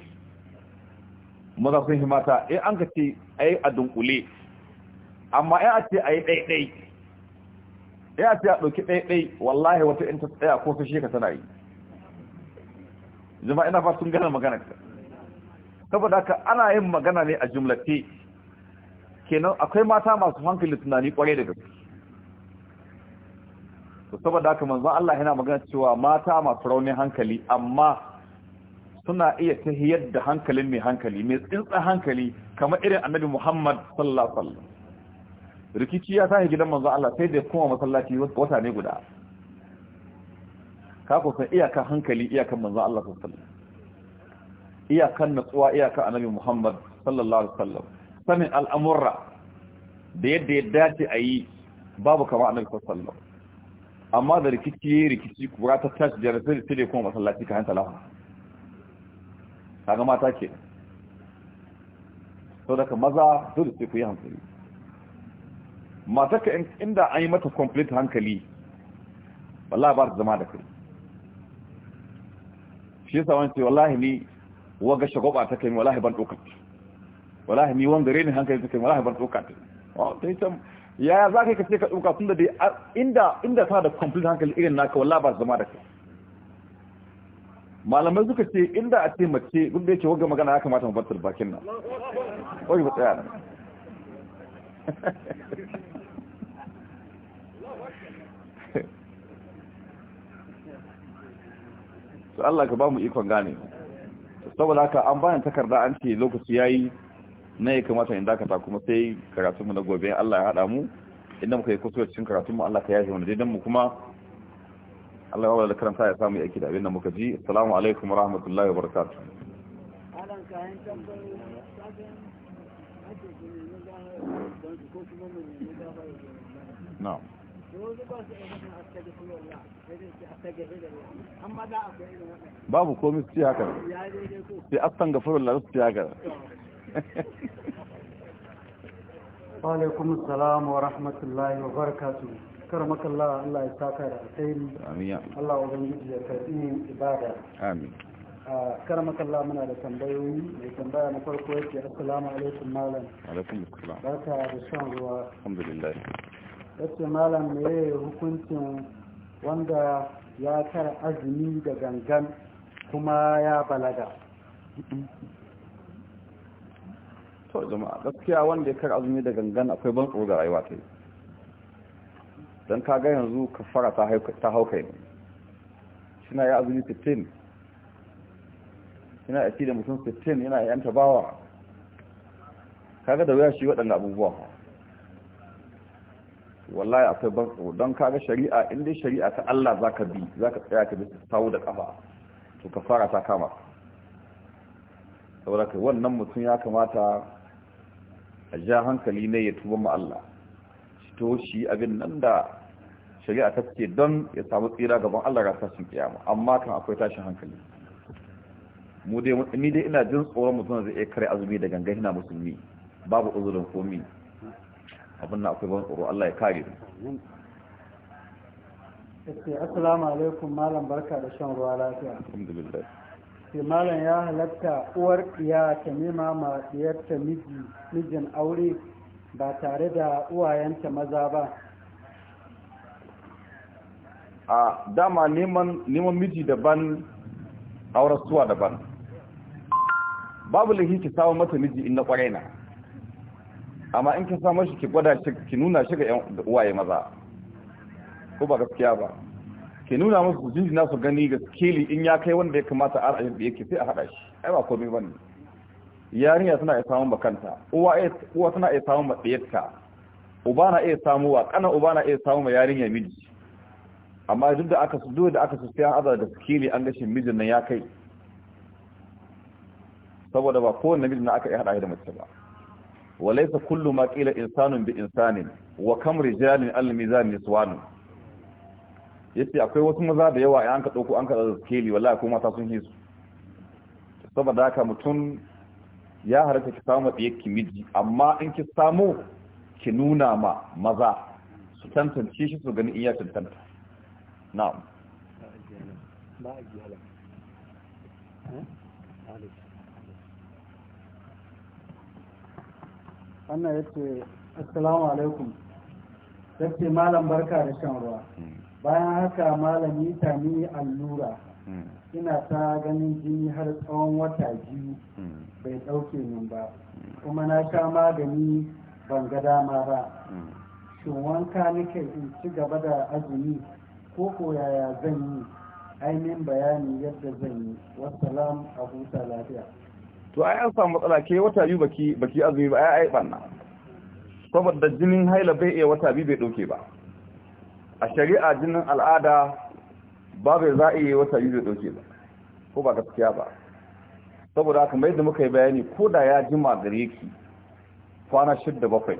maza sun himata in an ka ce a yi a dunkule amma ya a ce a yi ɗaiɗai ya ce ya ɗauki ɗaiɗai wallahi wata in ta tsaya ko fashe ka tana yi zama ina ba sun gana magana ka saboda haka ana yin magana ne a jumlace kenan akwai mata masu hankali tunani kware da gaske to saboda haka manzon Allah yana magana cewa mata masu raunin hankali amma suna iya tahiyar da hankalin mai hankali mai tsintsa hankali kamar irin annabi Muhammad sallallahu alaihi wasallam rikici ya sa gidan manzo Allah sai da kuma masallaci wata ne guda ka ku san iyaka hankali iyakan manzo Allah sallallahu alaihi wasallam iyakan natsuwa iyakan annabi Muhammad sallallahu alaihi wasallam sanin al'amurra da yadda ya dace a yi babu kama annabi sallallahu amma da rikici rikici kura ta tashi da rasul sai da kuma masallaci ka hanta lafa kaga mata ke to daga maza dole sai ku yi hankali ka inda an yi mata complete hankali wallahi ba ta zama da kai shi yasa wani ce wallahi ni waga shagoba ta kai wallahi ban ta wallahi ni wanda rene hankali ta kai wallahi ban doka ta yi can yaya za ka yi ka ce ka doka tun da dai inda inda ta da complete hankali irin naka wallahi ba ta zama da kai malamai suka ce inda a ce mace duk da yake waga magana ya kamata mu bar bakin nan wai ba tsaya to Allah ka ba mu ikon gane saboda haka an bayan takarda an ce lokaci yayi na ya kamata in dakata kuma sai karatunmu na gobe Allah ya hada mu inda muka yi kusurwa cikin karatunmu Allah ka yafe wani daidan mu kuma Allah ya wadda karanta ya samu yaki da abin da muka ji assalamu alaikum wa rahmatullahi wa na'am babu komi su ce kan sai astan gafarar lalu su ce haka alaikum salam wa rahmatullahi wa barakatu karmaka Allah Allah ya saka da alkhairi amin Allah wa bangiji ya karbi ibada amin karmaka muna da tambayoyi mai tambaya na farko yake assalamu alaikum malam alaikum assalam barka da shan ruwa alhamdulillah ya ce malam meye hukuncin wanda ya tara azumi da gangan kuma ya balaga to jama'a gaskiya wanda ya tara azumi da gangan akwai ban tsoro ga rayuwa ta yi don ga yanzu ka fara ta hauka ne shina ya azumi 15 yana ya ci da mutum 15 yana yanta bawa kaga da wuya shi waɗanda abubuwa wallahi akwai ban tsoro don kaga shari'a in dai shari'a ta Allah za ka bi za ka tsaya ka bi sawu da kafa to ka fara ta kama saboda kai wannan mutum ya kamata a ja hankali ne ya tuba ma Allah shi to shi abin nan da shari'a ta ce don ya samu tsira gaban Allah ga tashin kiyama amma kan akwai tashin hankali mu dai ni dai ina jin tsoron mutum zai iya kare azumi da gangan hina musulmi babu uzurin komi abin na akwai ban tsoro Allah ya kare mu Ake assalamu alaikum malam barka da shan ruwa lafiya. Alhamdulillah. Ke malam ya halatta uwar ya ta nema ma ɗiyarta miji mijin aure ba tare da uwayenta maza ba. A dama neman neman miji daban auren suwa daban. Babu lahi ki samun mata miji in na kwarai na. amma in ka samu shi ki gwada shi ki nuna shi ga uwaye maza ko ba gaskiya ba ki nuna musu jinjina su gani ga skili in ya kai wanda ya kamata a ra'ayin da yake sai a hada shi ai ba komai bane yarinya tana iya samun bakanta uwa uwa tana iya samun matsayarta uba na iya samu wa kana uba na iya samu yarinya miji amma duk da aka duk da aka sai an azar da skili an shi mijin nan ya kai saboda ba kowanne mijin na aka iya hada da mace ba walaisa kullu ma qila insanun bi insanin wa kam rijalin al mizan niswan yace akwai wasu maza da yawa an ka dauko an ka skeli wallahi ko mata sun hisu saboda haka mutum ya harka ki samu ki miji amma in ki samu ki nuna ma maza su tantance shi su gani in ya tantanta na'am ba wannan ya ce assalamu alaikum ya ce malam barka da shan ruwa bayan haka malami ta ni allura ina ta ganin jini har tsawon wata biyu bai ɗauke min ba kuma na sha magani ban ga dama ba shin wanka nake in ci gaba da azumi ko ko yaya zan yi ainihin bayani yadda zan yi wasu a huta lafiya to ai an samu matsala ke wata biyu baki baki azumi ba ai ai banna saboda jinin haila bai iya wata biyu bai dauke ba a shari'a jinin al'ada ba bai za a iya wata biyu bai dauke ba ko ba gaskiya ba saboda haka mai da muka yi bayani ko da ya jima gare ki kwana shidda bakwai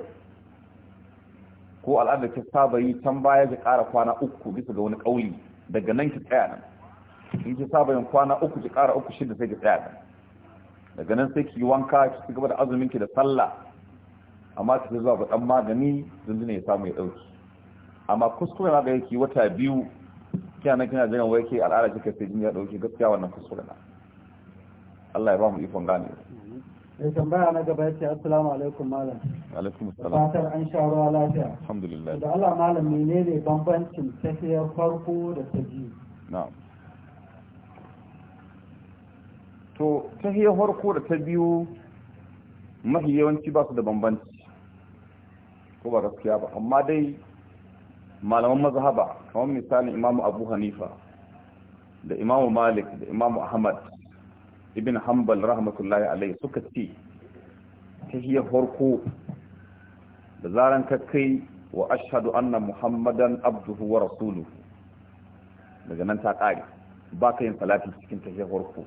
ko al'adar ki saba yi can baya ki ƙara kwana uku bisa ga wani kauli daga nan ki tsaya nan in ki saba yin kwana uku ki ƙara uku shidda sai ki tsaya nan daga nan sai ki wanka ki gaba da azumin ki da sallah amma ki zuwa ba dan magani zunzuna ya samu ya dauki amma kuskure ma ga yake wata biyu kina nan kina jiran wai ke al'ada kika sai jin ya dauki gaskiya wannan kuskure na Allah ya ba mu ikon gane sai tambaya na gaba yace assalamu alaikum malam alaikum assalam fatar an sha ruwa lafiya alhamdulillah da Allah malam menene bambancin tafiyar farko da ta biyu na'am to ta hiyar harko da ta biyu mafi yawanci ba su da bambanci ko ba gaskiya ba amma dai malaman mazhaba kamar misalin imamu abu hanifa da imamu malik da imamu ahmad ibn hanbal rahmatullahi alai suka ce ta hiyar harko da zaren ka kai wa ashadu anna muhammadan abduhu wa rasuluhu daga nan ta ƙari ba ka yin salati cikin ta harko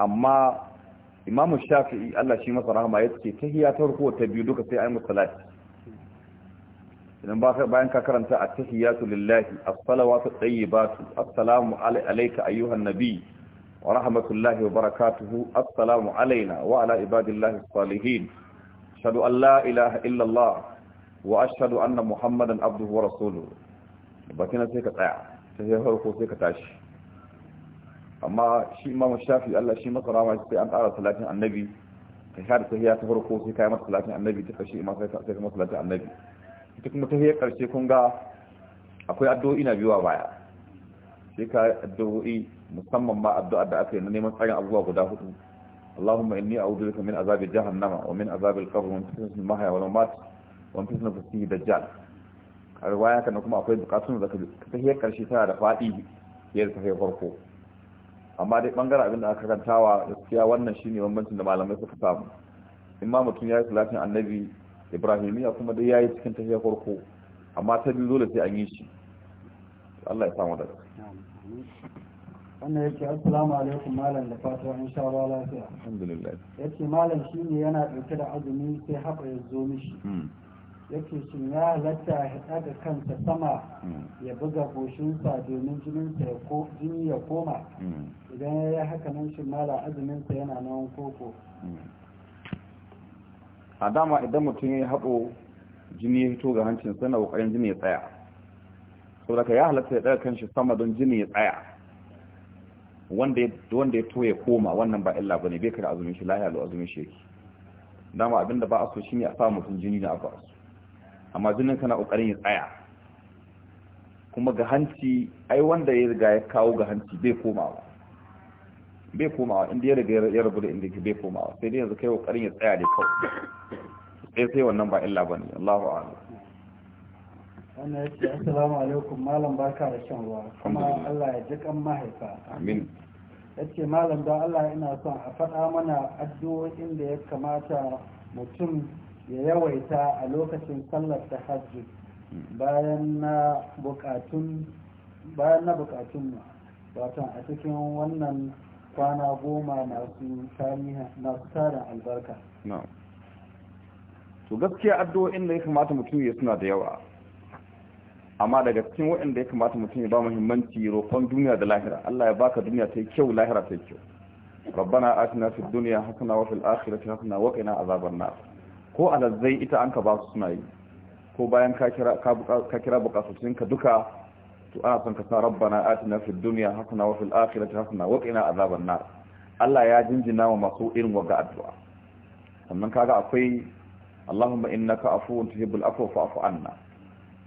amma imamu shafi'i Allah shi masa rahama ya ce hiya ta farko ta biyu duka sai ayi musallati idan bayan ka karanta hiya tahiyatu lillahi as-salawatu at-tayyibatu assalamu alayka ayyuhan nabi wa rahmatullahi wa barakatuhu assalamu alayna wa ala ibadillahi as-salihin ashhadu an la ilaha wa ashadu anna muhammadan abduhu wa rasuluhu bakina sai ka tsaya tahiyya farko sai ka tashi amma shi imamu shafi Allah shi masa rama sai an ƙara salatin annabi ka sha da tahiya ta farko sai ka masa salatin annabi ta ƙarshe imam sai kuma salatin annabi ita kuma tahiyar ƙarshe kun ga akwai addu'o'i na biyuwa baya sai ka addu'o'i musamman ma addu'a da aka yi na neman tsarin abubuwa guda hudu اللهم إني أعوذ بك من عذاب جهنم ومن عذاب القبر ومن فتنة المحيا والممات ومن فتنة المسيح الدجال رواية كان كما أقول بقاتل ذاك تهيئ كرشي سارة فائي يرتفع فرقه amma dai bangaren abin da aka karantawa gaskiya wannan shine bambancin da malamai suka samu in ma mutum ya yi salatin annabi ibrahimiya kuma dai ya yi cikin tafiya farko amma ta biyu dole sai an yi shi Allah ya samu daga wannan yake assalamu alaikum malam da fatuwa in sha Allah lafiya alhamdulillah yace malam shine yana dauke da azumi sai haka ya zo mishi hmm. yake shin ya a ya da kansa sama mm. ya buga goshinsa domin jininsa ya ko jini ya koma mm. idan ya yi haka nan shi mala azuminsa yana nan koko mm. a dama idan mutum ya haɓo jini ya hito ga hancin sana ƙoƙarin jini ya tsaya sau da ka ya halatta ya daga kanshi sama don jini ya tsaya wanda ya to ya koma wannan ba illa bane bai kada azumin shi lahiya lo azumin shi yake dama abinda ba a so shine a sa mutum jini na abu amma jinin kana ƙoƙarin ya tsaya kuma ga hanci ai wanda ya riga ya kawo ga hanci bai komawa bai komawa inda ya riga ya rabu da inda ke bai komawa sai dai yanzu kai ƙoƙarin ya tsaya da kawai sai sai wannan ba illa ne Allahu a'lam wannan yake assalamu alaikum malam barka da shan ruwa kuma Allah ya ji kan mahaifa amin yace malam don Allah ina son a faɗa mana addu'o'in da ya kamata mutum ya yawaita a lokacin sallar ta hajji bayan na bukatun mu a cikin wannan kwana goma masu tarin albarka to gaskiya addu'o'in da ya kamata mutum ya suna da yawa amma daga cikin waɗanda ya kamata mutum ya ba muhimmanci roƙon duniya da lahira Allah ya baka duniya ta yi kyau lahira ta yi kyau ربنا آتنا في الدنيا حسنة وفي الآخرة حسنة وقنا عذاب النار ko alazzai ita an ka ba su suna yi ko bayan ka kira bukatocinka duka to ana son ka sa rabbana atina fid dunya hasana wa fil akhirati hasana wa qina azaban nar Allah ya jinjina wa masu irin wa ga addu'a sannan kaga akwai Allahumma innaka afuwun tuhibbul afwa fa'fu anna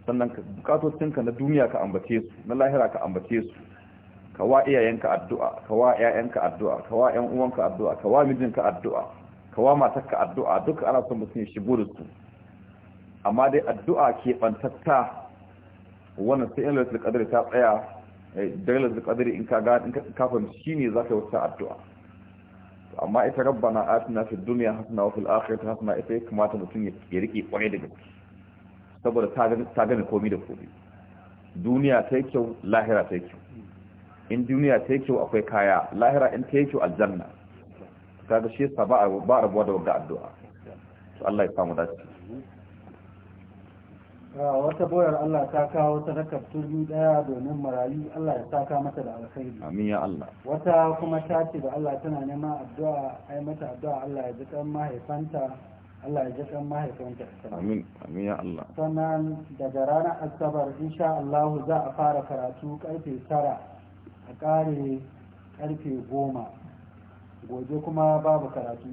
sannan bukatocinka na duniya ka ambace su na lahira ka ambace su ka wa iyayenka addu'a ka wa ƴaƴanka addu'a ka wa ƴan uwanka addu'a ka wa mijinka addu'a kawa matakka addu'a duk ana son mutum ya shigo da su amma dai addu'a ke bantatta wannan sai in lalata kadari ta tsaya eh, da lalata kadari in ka ga in ka fahimci shine zaka wata addu'a amma ita rabbana atina fid dunya hasana wa fil akhirati hasana ita kamata mutum ya rike kwai da gaske saboda ta ga komai da komai duniya ta yi kyau lahira ta yi kyau in duniya ta yi kyau akwai kaya lahira in ta yi kyau aljanna kaga shi yasa ba ba rabuwa da wannan addu'a to Allah ya samu dace ah, wata boyar Allah ta kawo ta sadakar turmi daya domin marayu Allah ya saka mata da alkhairi amin ya Allah wata kuma ta ce da Allah tana neman addu'a ai mata addu'a Allah ya ji kan mahaifanta Allah ya ji kan mahaifanta amin amin ya Allah sannan daga ranar asabar insha Allah za a fara karatu karfe 9 a kare karfe 10 gobe kuma babu karatu